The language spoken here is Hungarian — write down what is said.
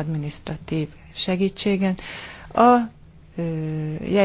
administratív segítségen. A